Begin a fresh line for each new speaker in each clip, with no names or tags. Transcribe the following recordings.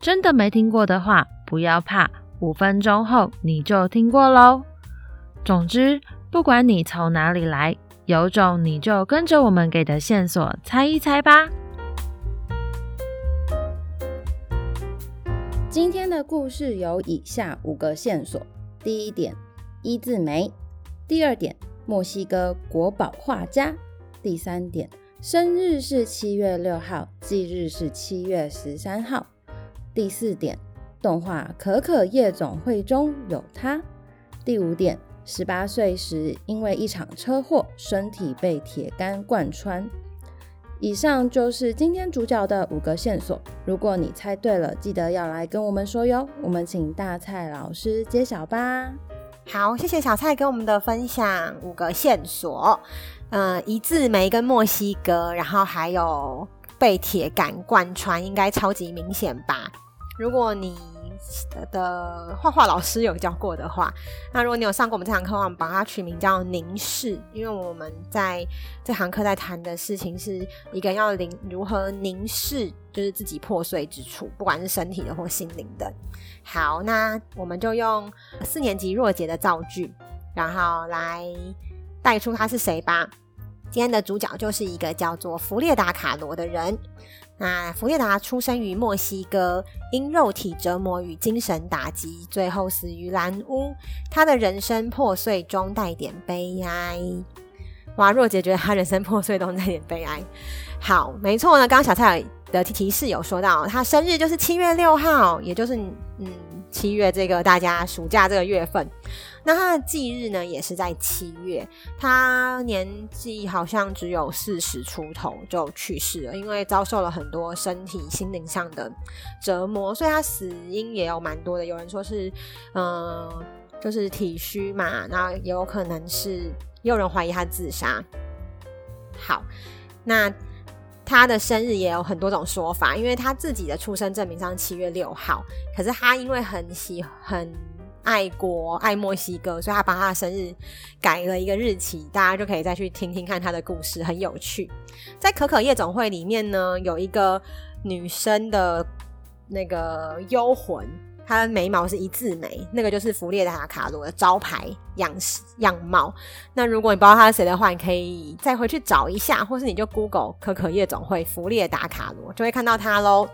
真的沒聽過的話，不要怕，五分鐘後你就聽過嘍。總之，不管你從哪裡來，有種你就跟着我們給的線索猜一猜吧。今天的故事有以下五個線索：第一點，一字眉；第二點，墨西哥國寶畫家；第三點，生日是七月六號，忌日是七月十三號。第四點，動畫《可可夜總會》中有他。第五點，十八歲時因為一場車禍，身體被鐵桿貫穿。以上就是今天主角的五個線索。如果你猜對了，記得要來跟我
們說喲。我們請大蔡老師揭曉吧。好，謝謝小蔡跟我們的分享。五個線索，嗯，一字眉跟墨西哥，然後還有。被鐵桿貫穿，應該超級明顯吧？如果你的畫畫老師有教過的話，那如果你有上過我們這堂課的話，我們把它取名叫“凝視”，因為我們在這堂課在談的事情是一個人要凝如何凝視，就是自己破碎之處，不管是身體的或心靈的。好，那我們就用四年級若傑的造句，然後來帶出他是誰吧。今天的主角就是一個叫做弗列達·卡羅的人。啊、弗列達出生於墨西哥，因肉體折磨與精神打擊，最後死於藍屋。他的人生破碎中帶點悲哀。哇，若姐覺得他人生破碎，都那點悲哀。好，沒錯呢。剛剛小蔡的提示有說到，他生日就是七月六號，也就是嗯七月這個大家暑假這個月份。那他的忌日呢，也是在七月。他年紀好像只有四十出頭就去世了，因為遭受了很多身體、心靈上的折磨，所以他死因也有蠻多的。有人說是嗯。就是體虛嘛，那有可能是，有人懷疑他自殺。好，那他的生日也有很多種說法，因為他自己的出生證明上七月六號，可是他因為很喜很愛國愛墨西哥，所以他把他的生日改了一個日期，大家就可以再去聽聽看他的故事，很有趣。在可可夜總會裡面呢，有一個女生的那個幽魂。他的眉毛是一字眉，那個就是弗列達卡羅的招牌樣樣貌。那如果你不知道他是誰的話，你可以再回去找一下，或是你就 Google 可可夜總會弗列達卡羅，就會看到他嘍。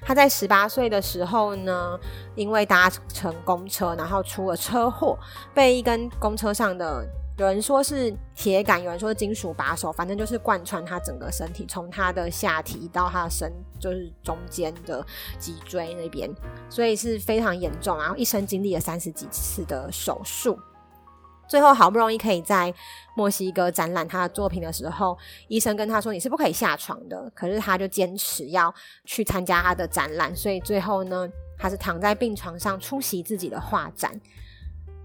他在十八歲的時候呢，因為搭乘公車，然後出了車禍，被一根公車上的。有人說是鐵杆，有人說是金屬把手，反正就是貫穿他整個身體，從他的下體到他的身，就是中間的脊椎那邊，所以是非常嚴重。然後一生經歷了三十幾次的手術，最後好不容易可以在墨西哥展覽他的作品的時候，醫生跟他說，你是不可以下床的，可是他就堅持要去參加他的展覽，所以最後呢，他是躺在病床上出席自己的畫展。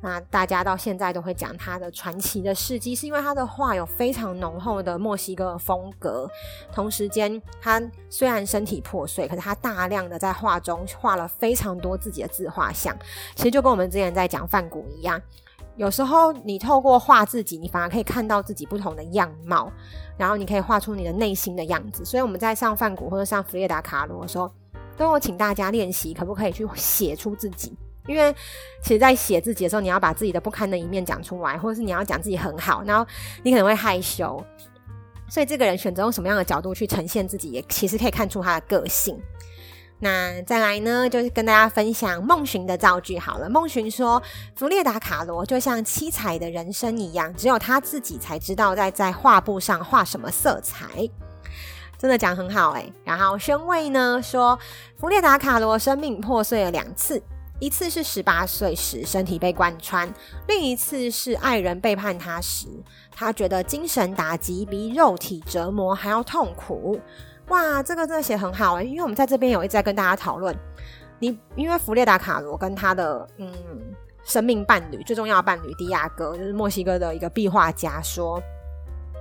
那大家到現在都會講他的傳奇的事蹟，是因為他的畫有非常濃厚的墨西哥風格。同時間，他雖然身體破碎，可是他大量的在畫中畫了非常多自己的自畫像。其實就跟我們之前在講梵谷一樣，有時候你透過畫自己，你反而可以看到自己不同的樣貌，然後你可以畫出你的內心的樣子。所以我們在上梵谷或者上弗列達卡羅的時候，都有請大家練習，可不可以去寫出自己？因為其實，在寫自己的時候，你要把自己的不堪的一面講出來，或者是你要講自己很好，然後你可能會害羞，所以這個人選擇用什麼樣的角度去呈現自己，也其實可以看出他的個性。那再來呢，就是跟大家分享夢尋的造句好了。夢尋說：“弗列達·卡羅就像七彩的人生一樣，只有他自己才知道在在畫布上畫什麼色彩。”真的講很好哎、欸。然後宣衛呢說：“弗列達·卡羅生命破碎了兩次。”一次是十八歲時身體被貫穿，另一次是愛人背叛他時，他覺得精神打擊比肉體折磨還要痛苦。哇，這個真的寫很好啊、欸，因為我們在這邊有一直在跟大家討論，你因為弗列達卡羅跟他的嗯生命伴侶最重要的伴侶迪亞哥，就是墨西哥的一個壁畫家說，說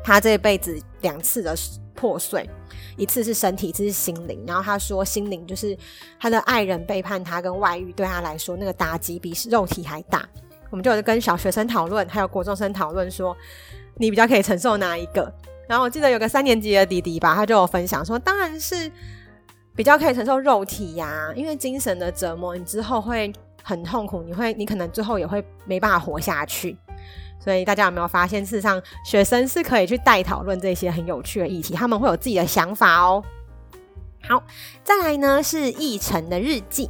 他這輩子兩次的。破碎，一次是身體，一次是心靈。然後他說，心靈就是他的愛人背叛他跟外遇，對他來說那個打擊比肉體還大。我們就有跟小學生討論，還有國中生討論說，你比較可以承受哪一個？然後我記得有個三年級的弟弟吧，他就有分享說，當然是比較可以承受肉體呀、啊，因為精神的折磨，你之後會很痛苦，你會，你可能之後也會沒辦法活下去。所以大家有沒有發現，事實上學生是可以去帶討論這些很有趣的議題，他們會有自己的想法哦、喔。好，再來呢是逸晨的日記。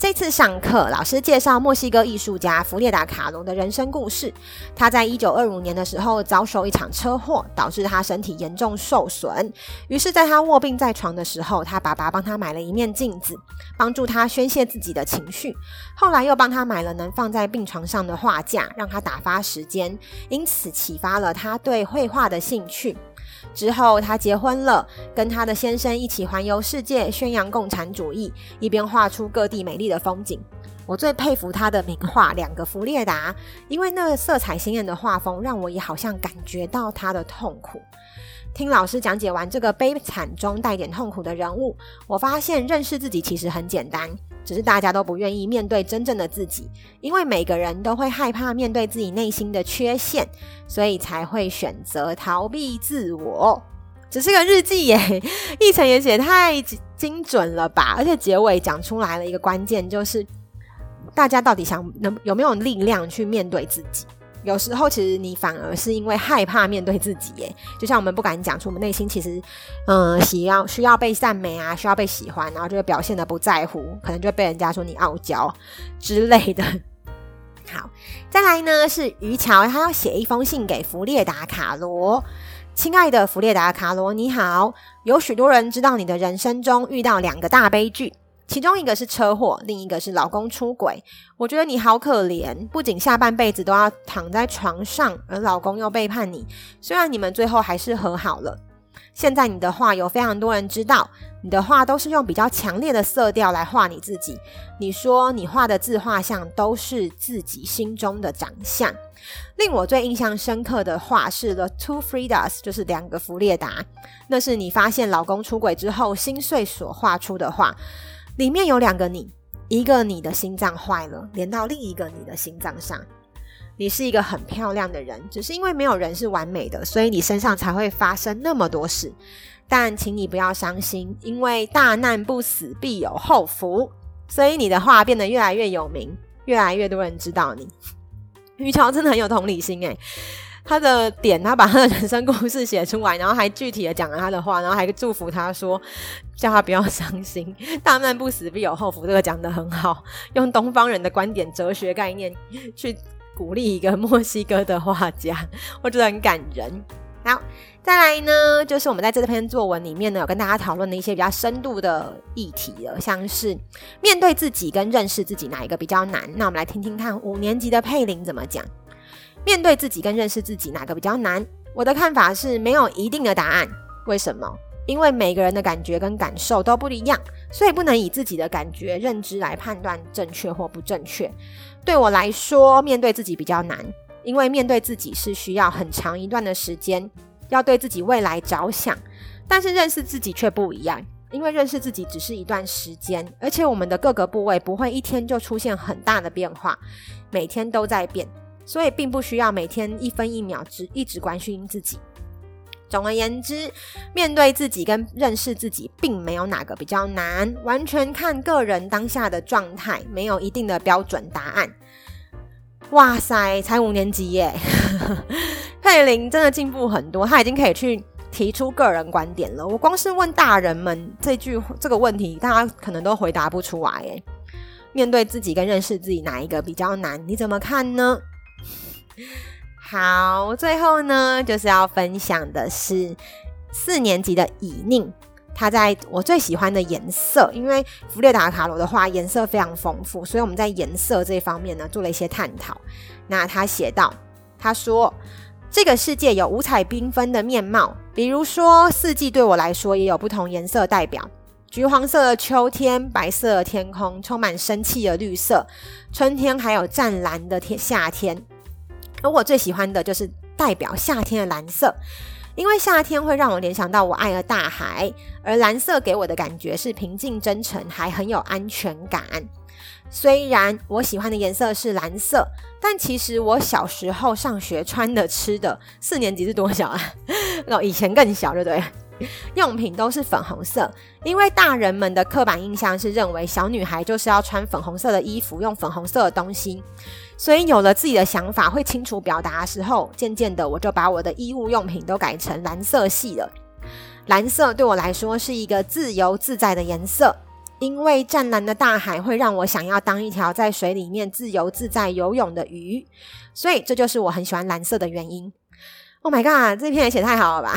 這次上課，老師介紹墨西哥藝術家弗列達卡隆的人生故事。他在一九二五年的時候遭受一場車禍，導致他身體嚴重受損。於是，在他臥病在床的時候，他爸爸幫他買了一面鏡子，幫助他宣洩自己的情緒。後來又幫他買了能放在病床上的畫架，讓他打發時間，因此啟發了他對繪畫的興趣。之後，他結婚了，跟他的先生一起環遊世界，宣揚共產主義，一邊畫出各地美麗的風景。我最佩服他的名畫《兩個弗列達》，因為那色彩鮮豔的畫風，讓我也好像感覺到他的痛苦。聽老師講解完這個悲慘中帶點痛苦的人物，我發現認識自己其實很簡單。只是大家都不願意面對真正的自己，因為每個人都會害怕面對自己內心的缺陷，所以才會選擇逃避自我。只是個日記耶，逸晨也寫太精精準了吧？而且結尾講出來了一個關鍵，就是大家到底想能有沒有力量去面對自己？有時候，其實你反而是因為害怕面對自己，耶，就像我們不敢講出我們內心，其實，嗯，需要需要被讚美啊，需要被喜歡、啊，然後就會表現得不在乎，可能就會被人家說你傲嬌之類的。好，再來呢是於喬，他要寫一封信給弗列達·卡羅。親愛的弗列達·卡羅，你好，有許多人知道你的人生中遇到兩個大悲劇。其中一個是車禍，另一個是老公出軌。我覺得你好可憐，不僅下半輩子都要躺在床上，而老公又背叛你。雖然你們最後還是和好了，現在你的畫有非常多人知道，你的畫都是用比較強烈的色調來畫你自己。你說你畫的自畫像都是自己心中的長相。令我最印象深刻的畫是《The Two Fridas》，就是兩個弗列達，那是你發現老公出軌之後心碎所畫出的畫。裡面有兩個你，一個你的心臟壞了，連到另一個你的心臟上。你是一個很漂亮的人，只是因為沒有人是完美的，所以你身上才會發生那麼多事。但請你不要傷心，因為大難不死必有後福，所以你的畫變得越來越有名，越來越多人知道你。於橋真的很有同理心誒、欸。他的點，他把他的人生故事寫出來，然後還具體的講了他的話，然後還祝福他說，叫他不要傷心，大難不死必有後福，這個講得很好，用東方人的觀點、哲學概念去鼓勵一個墨西哥的畫家，我覺得很感人。好，再來呢，就是我們在這篇作文裡面呢，有跟大家討論的一些比較深度的議題了，像是面對自己跟認識自己哪一個比較難？那我們來聽聽看五年級的佩林怎麼講。面對自己跟認識自己哪個比較難？我的看法是沒有一定的答案。為什麼？因為每個人的感覺跟感受都不一樣，所以不能以自己的感覺認知來判斷正確或不正確。對我來說，面對自己比較難，因為面對自己是需要很長一段的時間，要對自己未來着想。但是認識自己卻不一樣，因為認識自己只是一段時間，而且我們的各個部位不會一天就出現很大的變化，每天都在變。所以並不需要每天一分一秒只一直關心自己。總而言之，面對自己跟認識自己，並沒有哪個比較難，完全看個人當下的狀態，沒有一定的標準答案。哇塞，才五年級耶，佩玲真的進步很多，他已經可以去提出個人觀點了。我光是問大人們這句這個問題，大家可能都回答不出來耶。面對自己跟認識自己哪一個比較難？你怎麼看呢？ 好，最後呢，就是要分享的是四年級的以寧，他在我最喜歡的顏色，因為弗列達卡羅的畫顏色非常豐富，所以我們在顏色這一方面呢做了一些探討。那他寫道：他說：“這個世界有五彩繽紛的面貌，比如說四季對我來說也有不同顏色代表，橘黃色的秋天，白色的天空充滿生氣的綠色，春天還有湛藍的天，夏天。”而我最喜歡的就是代表夏天的藍色，因為夏天會讓我聯想到我愛的大海，而藍色給我的感覺是平靜、真誠，還很有安全感。雖然我喜歡的顏色是藍色，但其實我小時候上學穿的、吃的，四年級是多少啊？那 以前更小對，對不對？ 用品都是粉紅色，因為大人們的刻板印象是認為小女孩就是要穿粉紅色的衣服，用粉紅色的東西。所以有了自己的想法，會清楚表達的時候，漸漸的我就把我的衣物用品都改成藍色系了。藍色對我來說是一個自由自在的顏色，因為湛藍的大海會讓我想要當一條在水裡面自由自在游泳的魚。所以這就是我很喜歡藍色的原因。Oh my god！這篇也寫太好了吧？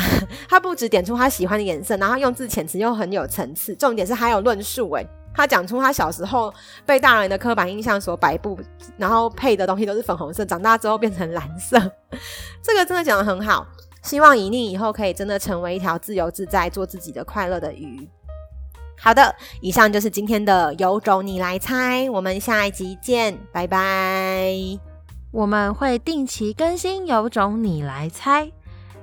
他不止點出他喜歡的顏色，然後用字遣詞又很有層次。重點是還有論述誒，他講出他小時候被大人的刻板印象所擺布，然後配的東西都是粉紅色，長大之後變成藍色。這個真的講得很好，希望以你以後可以真的成為一條自由自在、做自己的快樂的魚。好的，以上就是今天的有種你來猜，我們下一集見，拜拜。我們會定期更新《有
種你來猜》，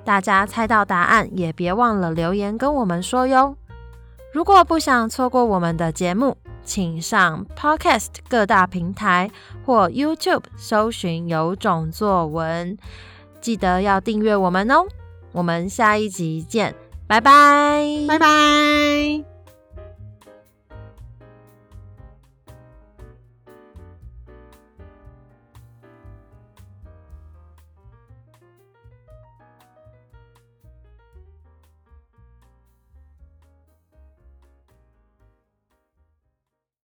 大家猜到答案，也別忘了留言跟我們說喲。如果不想錯過我們的節目，請上 Podcast 各大平台或 YouTube 搜尋《有種作文》，記得要訂閱我們哦。我們下一集見，拜拜，拜
拜。